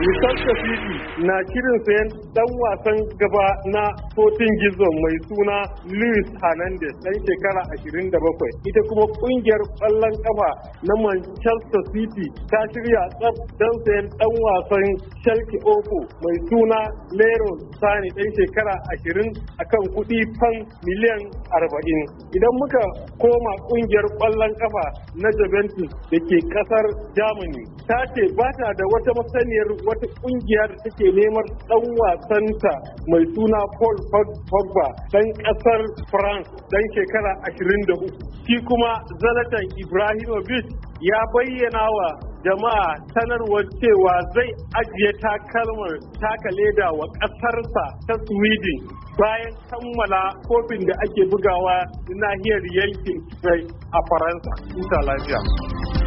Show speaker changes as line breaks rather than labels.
Nisan Shafiqi na kirin sayan dan wasan gaba na Sotin Gizon mai suna Luis Hernandez dan shekara 27. Ita kuma kungiyar ƙwallon kafa na Manchester City ta shirya tsab dan sayan dan wasan Shalke Oko mai suna Leroy Sani dan shekara 20 akan kuɗi fan miliyan 40. Idan muka koma kungiyar ƙwallon kafa na Juventus da ke ƙasar Germany ta ce ba ta da wata masaniyar wata ƙungiyar da take neman dan wasanta mai suna Paul Pogba dan kasar France dan shekara 23 shi kuma Zlatan Ibrahimovic ya bayyana wa jama'a sanarwar cewa zai ajiye takalmar taka leda wa ƙasarsa ta sweden bayan kammala kofin da ake bugawa nahiyar yankin a faransa. Insha lafiya.